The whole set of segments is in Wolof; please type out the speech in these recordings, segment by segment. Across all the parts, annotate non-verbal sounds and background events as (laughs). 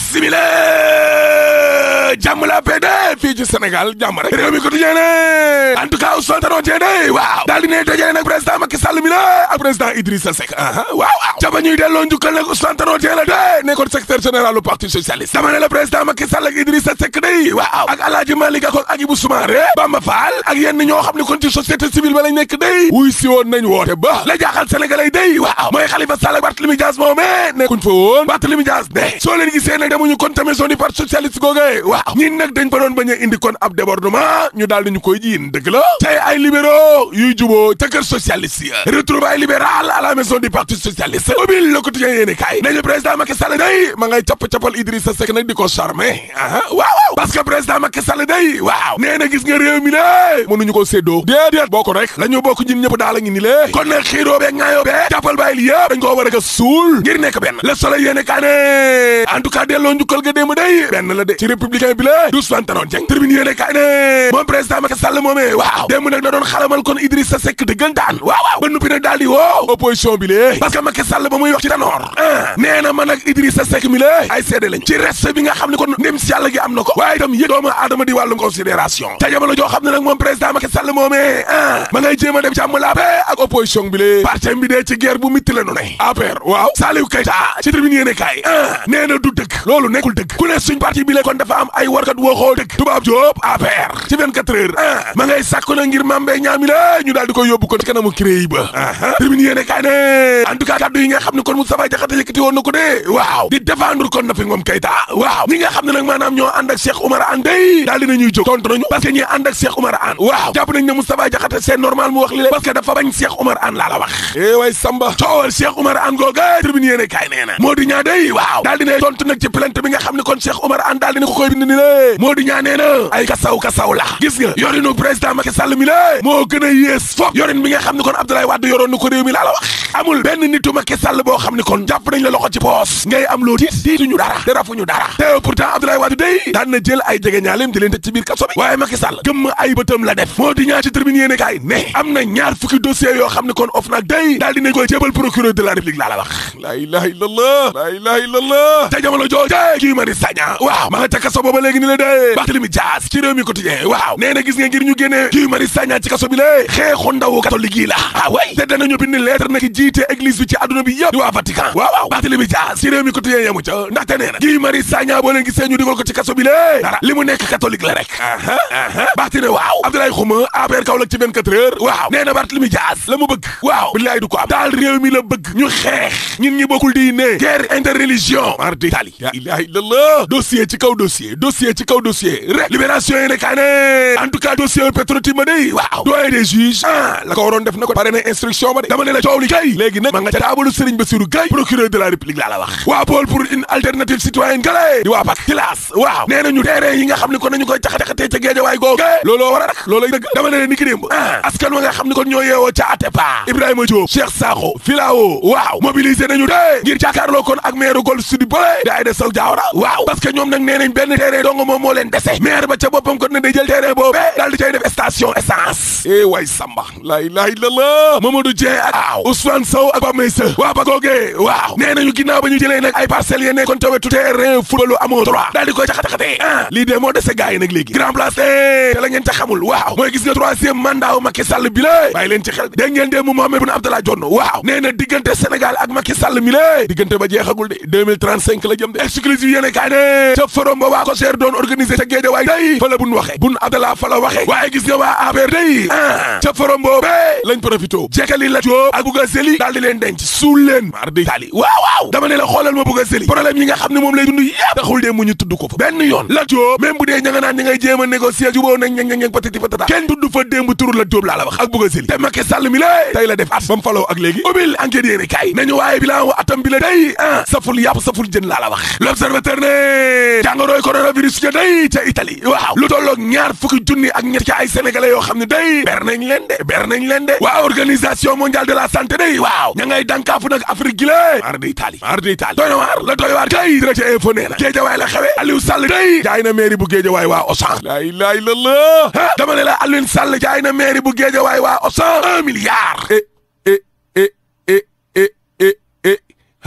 simile jàmm la paix de fii ci Sénégal ko tijee ne en tout cas Ousmane Tanor waaw daal di ne nag président Macky mi la ak président Idrissa Seck aha waaw waaw ca ba ñuy delloo njukkal nag Ousmane waaw ak Alaaji Malick Gakou ak Ibou Bamba Fall ak yenn ñoo xam ne kon ci société civile ba nekk de wuy si woon nañ woote ba la jaaxal sénégalais day waaw mooy Khalifa Sall ak Barthélémy Dias moomee nekkuñ fa woon Barthélémy Dias de soo leen gisee nag wax ñin nag dañ fa doon bañ a indi kon ab débordement ñu daal ñu koy jiin dëgg la ay libéraux yuy juboo ca kër socialiste ya retrouvailles libérales à la maison du parti socialiste obil le quotidien yéeni kaay nañu président Macky Sall day ma ngay capp-cappal Idrissa Seck nag di ko charmer ah waaw waaw parce que président Macky Sall day waaw nee na gis nga réew mi ne mënuñu ko séddoo déedéet boo ko rek la bokk ñun ñëpp daal a ni lée kon a ne en tout bi la du Ousmane Tanor Dieng tribune yéene kaay ne moom président Macky waaw démb nag da doon xalamal kon Idrissa Seck dëggantaan waaw waaw ba nuppi nag daal di woo opposition bi lée ah ah bi dee ci guerre bu mitti la nu ne APR waaw Saliou Keita ci tribune yéene ah nee na du dëgg loolu nekkul dëgg ku ne suñ parti bi la kon ay warkat waxoo dëgg tubaab Diop APR ci 24 heures ah ma ngay sàkku na ngir Mame Mbaye Niang ñu daal di koy yóbbu kon ci kanamu mu wax li la parce que moo di ñaa day waaw daal dina tontu nag ci plainte bi nga xam ne kon Cheikh Oumar Anne daal dina ko koy bind ni lée moo di ñaa nee na ay kasaw kasaw la gis nga yorinu président Macky Sall mi lée moo gën a yées fop yorin bi nga xam ne kon Abdoulaye Wade yoroon na ko réew mi laa la wax amul benn nitu Macky Sall boo xam ne kon jàpp nañ la dara te rafuñu dara te pourtant Abdoulaye Wade day daan na jël ay jege ñaaleem di leen tëj biir kaso bi waaye Macky Sall gëmm ay bëtam la def moo di ñaa ci tribune yéene kaay am na ñaar fukki dossier yoo xam ne kon OFNAC day daal ba léegi ni la dee Barthélémy Dias ci réew mi waaw nee gis nga ngir ñu génnee Guy Marius Sagna ci kaso bi lée xeexu ndawu catholique yi la ah way te danañu bind lettre nag jiite église bi ci àdduna bi yëpp di waa Vatican waaw waaw Barthélémy Dias ci réew mi quotidien yamu ca ndaxte nee na Guy Marius Sagna boo leen gisee ñu dugal ko ci kaso bi li mu nekk catholique la rek aha aha Barthé ne waaw Abdoulaye Xuma APR la mu bëgg waaw billaay du ko am daal mi la bëgg ñu xeex ñun ñi di ne guerre interreligion mar d'Italie la ilaha illallah dossier ci dossier ci kaw dossier dossier Petro-Tim ba waaw doyen des juges ah la ko waroon def ko pare na instruction ba de dama la coow li kay léegi nag ma nga ca taabalu Serigne Bassirou Gueye procureur de la République laa la wax waa Pôle pour une alternative citoyenne gale di waa PAK tilaas waaw nee yi nga xam ne kon nañu koy ca géejawaay googe looloo war a rak loolay dëgg dama ne la ni ki démb ah, ca Atepa Ibrahima kon ak maire Golf Sud bële di Aïda Sow dong moom moo leen dese maire ba ca boppam kon na day jël terrain boobu daal di cay Thiès eh waay Samba la ilaaha illallaah Mamadou Dieng ak aaw Sow ak Pape Meissa waa ba googee waaw nee nañu ginnaaw ba ñu jëlee nag ay parcelles yee nekkoon ca wetu terrain footballu amoo droit daal di koy caxataxatee ah lii de moo dese gars yi nag grand place eh, te la ngeen xamul waaw mooy gis nga troisième mandat wu Macky Sall bi la bàyyi leen ci xel dégg ngeen de mu Mohamed Boun Abdallah Dionne waaw nee na diggante Sénégal ak Macky Sall mi la diggante ba jeexagul de 2035 la jëm de exclusive yéene kaa ne ca forom boobee lañ profité jekkali la jóob ak bugg a seli daal di leen denc suul leen mar di taali waaw waaw xoolal ma bugg a seli problème yi nga xam ne moom lay dund yëpp taxul dee mu ñu tudd ko fa benn yoon la jóob même bu dee ña nga naan ñi ngay jéem juboo nag ñag ñag ñag patati patata kenn tudd fa démb turu la jóob laa la wax ak bugg seli te Macky Sall mi lée la def at ba mu faloo ak léegi ubil enquête ah, ne jàngoroy coronavirus yi ber nañ leen de ber nañ leen de waa organisation mondiale de la santé day waaw ña ngay dànkaafu nag Afrique gi lée mar di Italie mar di Italie la doy waar kay directeur info nee la xewe Aliou Sall day jaay na bu géejawaay waa Auchan laa ilaaha illallaah dama la Aliou Sall jaay na bu géejawaay waa Auchan un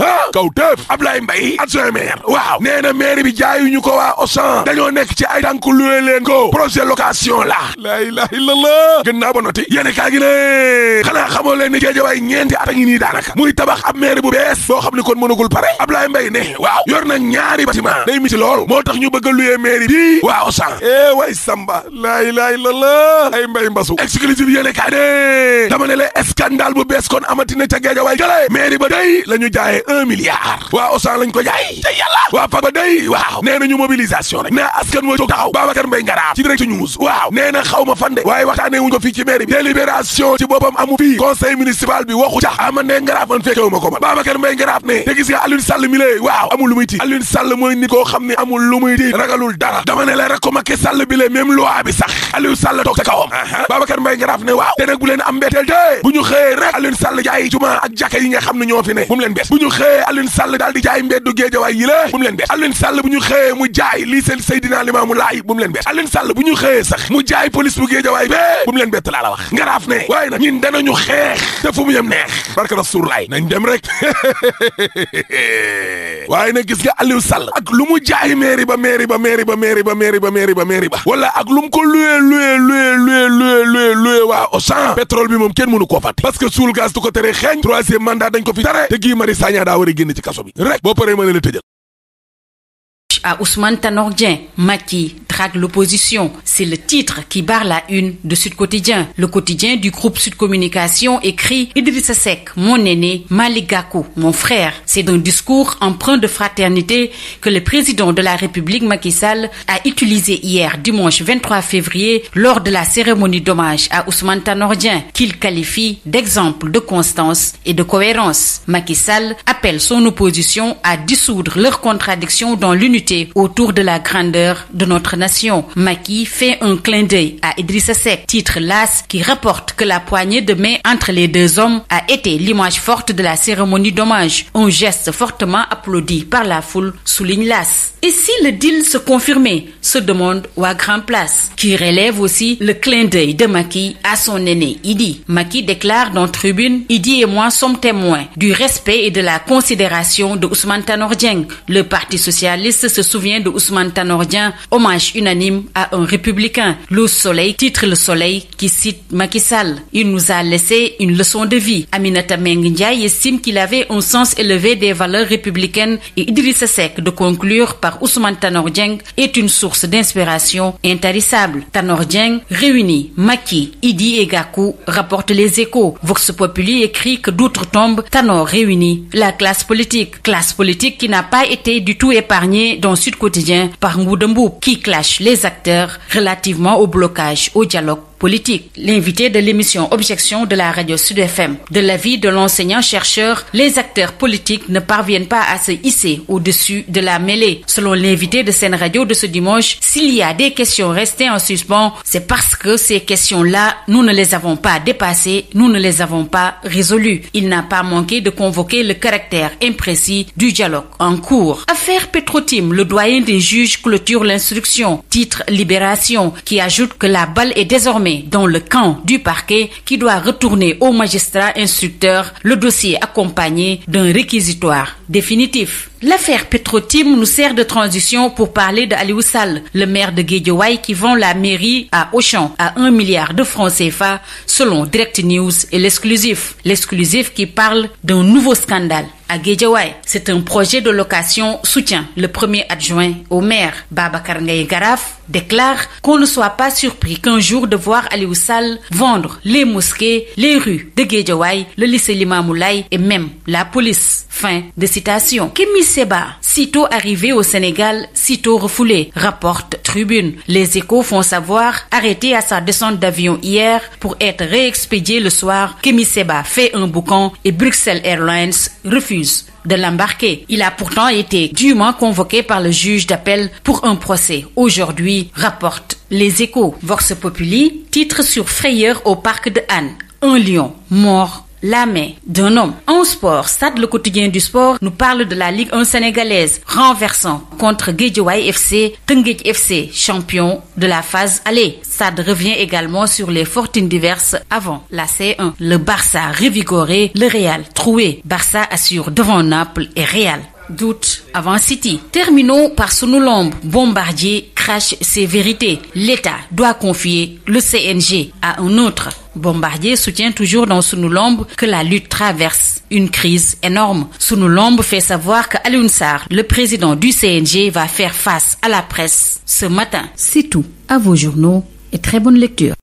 ah kaw tëf Ablaye Mbaye adjoint maire waaw nee na maire bi jaayuñu ko waa Auchan dañoo nekk ci ay lu luwe leen ko projet location la laa ilaha illallah gën naa ba noti yéene kaa gi ne xanaa xamoo leen ni Géejawaay ñeenti at a ngi nii daanaka muy tabax ab maire bu bees boo xam ne kon mënagul pare Ablaye mbay ne waaw yor na ñaari bâtiment day miti lool moo tax ñu bëgg a luwe maire bi waa Auchan eh way Samba laa ilaha illallah ay Mbaye Mbasu exclusive yéene kaa ne dama ne la scandale bu bees kon amatina ca Géejawaay gële maire ba day la ñu jaayee waa Auchan lañ ko jaay te yàlla waa Pagba waaw nee nañu mobilisation rek na askan wa jóg taxaw Babacar Mbaye Ngaraar ci direct news waaw nee na xaw ma fande waaye waxtaanee wuñ ko fii ci mairie bi délibération ci boppam amu fii conseil municipal bi waxu cax ama ah, ne Ngaraar man fekkewu ma ko man Babacar Mbaye Ngaraar ne te gis nga Aliou Sall mi waaw amul lu muy tiit Sall mooy nit koo xam ne amul lu muy ragalul dara dama ne la rek ko Macky Sall bi lay même loi bi sax Aliou Sall toog ca kawam xëyee Alioune Sall daal di jaay mbeddu géejawaay yi la bu mu leen bett Alioune Sall bu ñu xëyee mu jaay lii seen Seydina Limaamu Laay bu mu leen bett Alioune Sall bu ñu xëyee sax mu jaay police bu géejawaay bee bu mu leen bett laa wax ngaraaf ne waaye nag ñun danañu xeex te fu mu yem neex barke Rasuul laay na dem rek (laughs) waaye nag gis nga Aliou Sall ak lu mu jaay mairie ba mairie ba mairie ba mairie ba mairie ba mairie ba mairie ba wala ak lu mu ko luye luye luye luye luye luye luye waa Auchan pétrole bi moom kenn mënu koo fàtte suul gaz du ko tere xeeñ troisième mandat dañ ko fi tere te Guy Marius Sagna daa war a ci kaso bi rek boo paree ma ne la tëjal à Ousmane Tanor Dieng Macky drague l'opposition c'est le titre qui barre la une de Sud Quotidien le quotidien du groupe Sud Communication écrit Idrissa Seck mon aîné Malick Gakou mon frère c'est un discours empreint de fraternité que le président de la République Macky Sall a utilisé hier dimanche 23 février lors de la cérémonie d'hommage à Ousmane Tanor Dieng qu'il qualifie d'exemple de constance et de cohérence Macky Sall appelle son opposition à dissoudre leurs contradictions dans unité autour de la grandeur de notre nation. Macky fait un clin d'œil à Idrissa titre L'As qui rapporte que la poignée de main entre les deux hommes a été l'image forte de la cérémonie d'hommage, un geste fortement applaudi par la foule, souligne L'As. Et si le deal se confirmait, se demande Wa Grand Place, qui relève aussi le clin d'œil de Macky à son aîné Idi. Macky déclare dans Tribune Idi et moi sommes témoins du respect et de la considération de souvient de Ousmane Tanordien, hommage unanime à un républicain. Le Soleil titre Le Soleil qui cite Macky Sall. Il nous a laissé une leçon de vie. Aminata Mbengue Ndiaye estime qu'il avait un sens élevé des valeurs républicaines et Idrissa Seck de conclure par Ousmane Tanor est une source d'inspiration intarissable. Tanor réunit Macky, Idi et Gakou, rapporte les échos. Vox Populi écrit que d'outre-tombe, Tanor réunit la classe politique. Classe politique qui selon Sud Quotidien par Ngouda Mboup qui clash les acteurs relativement au blocage au dialogue politique. L'invité de l'émission Objection de la radio Sud FM, de l'avis de l'enseignant-chercheur, les acteurs politiques ne parviennent pas à se hisser au-dessus de la mêlée. Selon l'invité de Sen Radio de ce dimanche, s'il y a des questions restées en suspens, c'est parce que ces questions-là, nous ne les avons pas dépassées, nous ne les avons pas résolues. Il n'a pas manqué de convoquer le caractère imprécis du dialogue en cours. Affaire Petrotim, le doyen des juges clôture l'instruction, titre Libération, qui ajoute que la balle met dans le camp du parquet qui doit retourner au magistrat instructeur le dossier accompagné d'un réquisitoire définitif. L'affaire Petrotim nous sert de transition pour parler de Aliou Sall, le maire de Guédiawaye qui vend la mairie à Auchan à un milliard de francs CFA selon Direct News et l'exclusif. L'exclusif qui parle d'un nouveau scandale à Guédiawaye. C'est un projet de location soutien. Le premier adjoint au maire, Babacar Ngaye Garaf, déclare qu'on ne soit pas surpris qu'un jour de voir Aliou Sall vendre les mosquées, les rues de Guédiawaye, le lycée Limamoulaye et même la police. Fin de citation. Kémy Seba, sitôt arrivé au Sénégal, sitôt refoulé, rapporte Tribune. Les échos font savoir, arrêté à sa descente d'avion hier pour être réexpédié le soir, Kémy Seba fait un boucan et Bruxelles Airlines refuse de l'embarquer. Il a pourtant été dûment convoqué par le juge d'appel pour un procès. Aujourd'hui, rapporte Les Échos. Vox Populi titre sur frayeur au parc de Anne. Un lion mort la main d'un homme. En sport, Stade le quotidien du sport nous parle de la Ligue 1 sénégalaise renversant contre Guédiawaye FC, Teungueth FC, champion de la phase aller. Stade revient également sur les fortunes diverses avant la c un Le Barça revigoré, le Real troué. Barça assure devant Naples et Real. doute avant City. Terminons par Sunulombe. Bombardier crache ses vérités. L'État doit confier le CNG à un autre. Bombardier soutient toujours dans Sunulombe que la lutte traverse une crise énorme. Sunulombe fait savoir que Alioune Sarr, le président du CNG, va faire face à la presse ce matin. C'est tout. À vos journaux et très bonne lecture.